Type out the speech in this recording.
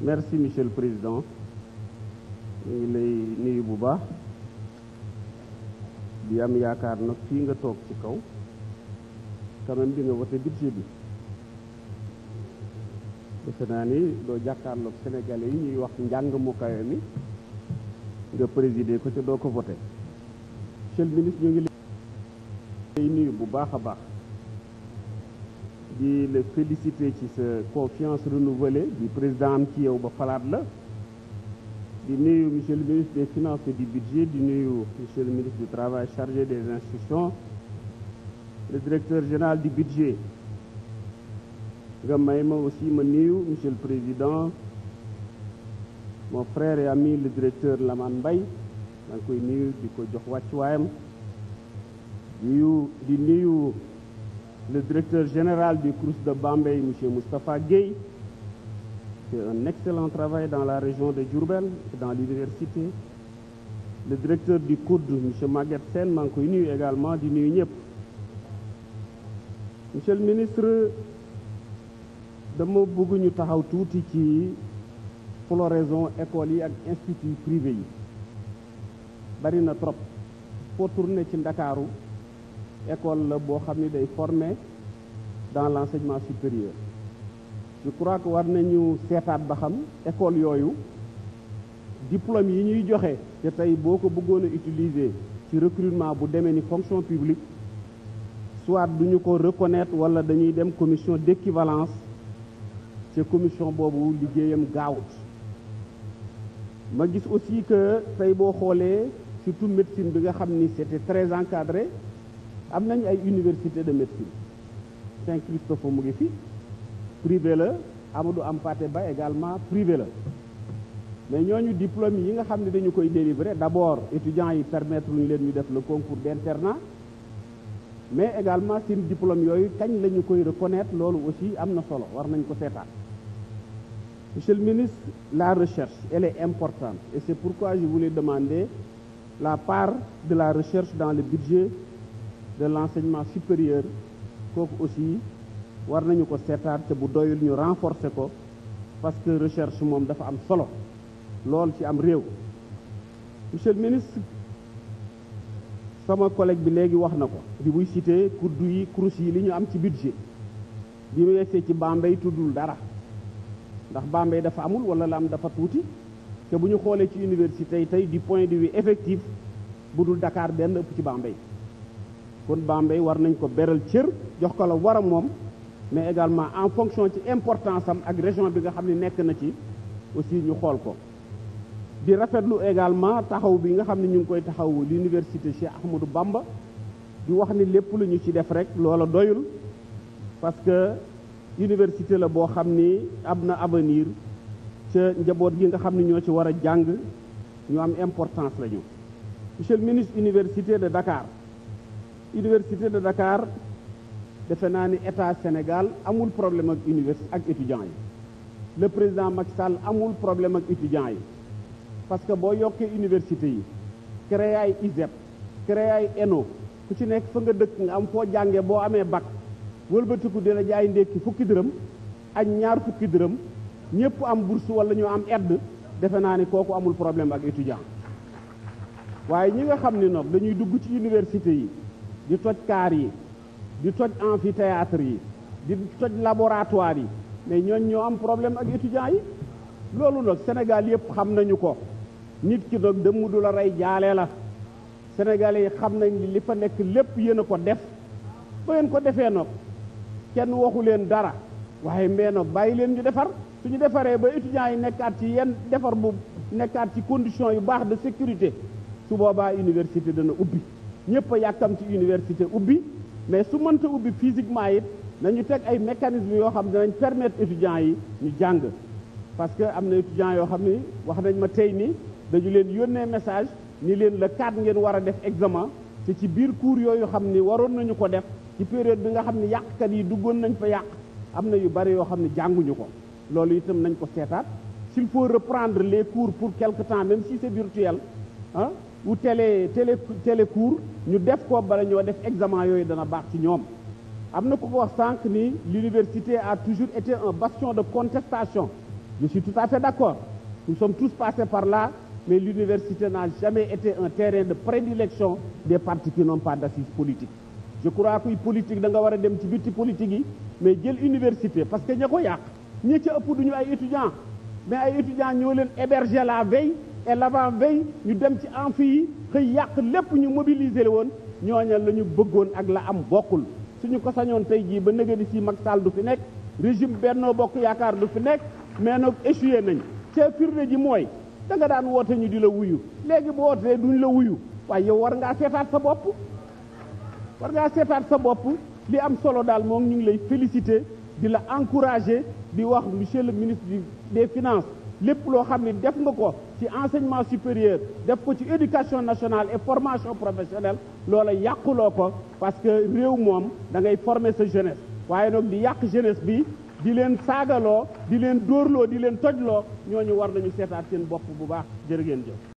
merci monsieur président ñu ngi lay nuyu bu baax di am yaakaar nag fii nga toog ci kaw quand bi nga nga voté budget bi defe naa ni doo jàkkaarloog sénégalais yi ñuy wax njàng mu kawe mi nga présider ko te doo ko vote monsieur ministre ñu ngi lay nuyu bu baax a baax di la félicité ci sa confiance renouvelée bi président am ci yow ba falaat la di nuyu monsieur le ministre des finances et du di nuyu monsieur le ministre du travail chargé des institutions le directeur général di budget nga may ma aussi ma nuyu monsieur le président mon frère et ami le directeur Lamane Mbaye maa ngi koy nuyu di ko jox wàccuwaayam nuyu di nuyu le directeur général du CROUS de Bambey, M. Moustapha Gueye, fait un excellent travail dans la région de Djurbel et dans l'université. Le directeur du COUD, M. Maguette koy Mankoinu, également du NUNIEP. Monsieur le ministre, dama bëgg ñu taxaw tuuti ci floraison école yi ak institut privé yi bari na trop foo tourné ci Ndakaaru école la boo xam ne day former dans l'enseignement supérieur je crois que war nañu seetaat ba xam école yooyu diplôme yi ñuy joxe te tey boo ko bëggoon a utiliser ci recrutement bu demee ni fonction publique soit du ko reconnaitre wala dañuy dem commission d'équivalence te commission boobu liggéeyam gaawut ma gis aussi que tey boo xoolee surtout médecine bi nga xam ni c'était très encadré am nañ ay université de médecine Saint Christophe mu ngi fi privé la Amadou Hampâté Ba également privé la mais ñooñu diplôme yi nga xam ne dañu koy délivrer d'abord étudiants yi permettre ñu leen ñu def le concours d'internat mais également seen diplôme yooyu kañ la ñu koy reconnaître loolu aussi am na solo war nañ ko seetaan monsieur le ministre la recherche elle est importante et c'est pourquoi je voulais demander la part de la recherche dans le budget de l'enseignement supérieur kooku aussi war nañu ko seetaat te bu doyul ñu renforcé ko parce que recherche moom dafa am solo lool ci am réew monsieur le sama collègue bi léegi wax na ko bi muy cité kudd yi crous yi li ñu am ci budget bi mu yegsee ci Bambey tuddul dara ndax Bambey dafa amul wala la am dafa tuuti te bu ñu xoolee ci université yi tey di point de vue effectif bu dul dakaar benn ëpp ci Bambey kon Bambey war nañ ko beral cër jox ko la war a moom mais également en fonction ci importance am ak région bi nga xam ni nekk na ci aussi ñu xool ko di rafetlu également taxaw bi nga xam ne ñu ngi koy taxaw l'université Cheikh Ahmadou Bamba di wax ni lépp lu ñu ci def rek loola doyul parce que université la boo xam ni am na avenir ca njaboot gi nga xam ne ñoo ci war a jàng ñu am importance la ñu monsieur le ministre université de dakaar université de dakaar defe naa ni état Sénégal amul problème ak université ak étudiants yi le président Macky Sall amul problème ak étudiants yi parce que boo yokkee université yi créé ay ISEP créé ay ENO ku ci nekk fa nga dëkk nga am foo jànge boo amee bac wëlbatiku dina jaay ndékki fukki dërëm ak ñaar fukki dërëm ñëpp am bourse wala ñu am edd defe naa ni kooku amul problème ak étudiant waaye ñi nga xam ni nag dañuy dugg ci université yi di toj kaar yi di toj amphithéâtre yi di toj laboratoire yi mais ñooñ ñoo am problème ak étudiants yi loolu nag Sénégal yëpp xam nañu ko nit ki nag dëmm du la rey jaale la Sénégalais yi xam nañ li fa nekk lépp yéen ko def ba ko defee nag kenn waxu leen dara waaye mbee nag bàyyi leen ñu defar suñu defaree ba étudiants yi nekkaat ci yenn defar bu nekkaat ci condition yu baax de sécurité su boobaa université dana ubbi ñëpp yàkkamti université ubbi mais su mënta ubbi physiquement it nañu teg ay mécanismes yoo xam ne dinañ permettre étudiants yi ñu jàng parce que am na étudiants yoo xam ni wax nañ ma tey ni dañu leen yónnee message ni leen la cadre ngeen war a def examen te ci biir cours yooyu xam ni waroon nañu ko def ci période bi nga xam ne yàqkat yi duggoon nañ fa yàq am na yu bari yoo xam ne jànguñu ko loolu itam nañ ko seetaat s'il faut reprendre les cours pour quelque temps si c'est virtuel ah ou télé télé télécours ñu def ko bala ñoo def examen yooyu dana baax ci ñoom am na ku ko wax sànq ni l'université a toujours été un bastion de contestation je suis tout à fait d'accord nous sommes par là mais l'université n'a jamais été un terrain de prédilection des partis qui n'ont pas d'assises politiques je crois que politique da nga war a dem ci bitti politique yi mais jël université parce que ña ko yàq ñi ca ëpp duñu ay étudiants mais ay étudiants ñoo leen héberger la veille et l'avant-veille ñu dem ci amphi yi xëy yàq lépp ñu mobiliser la woon ñooña lañu ñu bëggoon ak la am bokkul suñu ko sañoon tey jii ba nëgëni si Macky Sall du fi nekk régime Benno Bokk Yaakaar du fi nekk mais nag échoué nañ cee firnde ji mooy da nga daan woote ñu di la wuyu léegi bu wootee duñ la wuyu waaye yow war ngaa seetaat sa bopp war ngaa seetaat sa bopp li am solo daal moom ñu ngi lay féliciter di la encourager di wax monsieur le ministre des finances lépp loo xam ne def nga ko ci enseignement supérieur def ko ci éducation nationale et formation professionnelle loola yàquloo ko parce que réew moom da ngay former sa jeunesse waaye nag di yàq jeunesse bi di leen saagaloo di leen dóorloo di leen tojloo ñoo ñu war nañu seetaat seen bopp bu baax jërë ngeen jëf